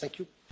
Thank you.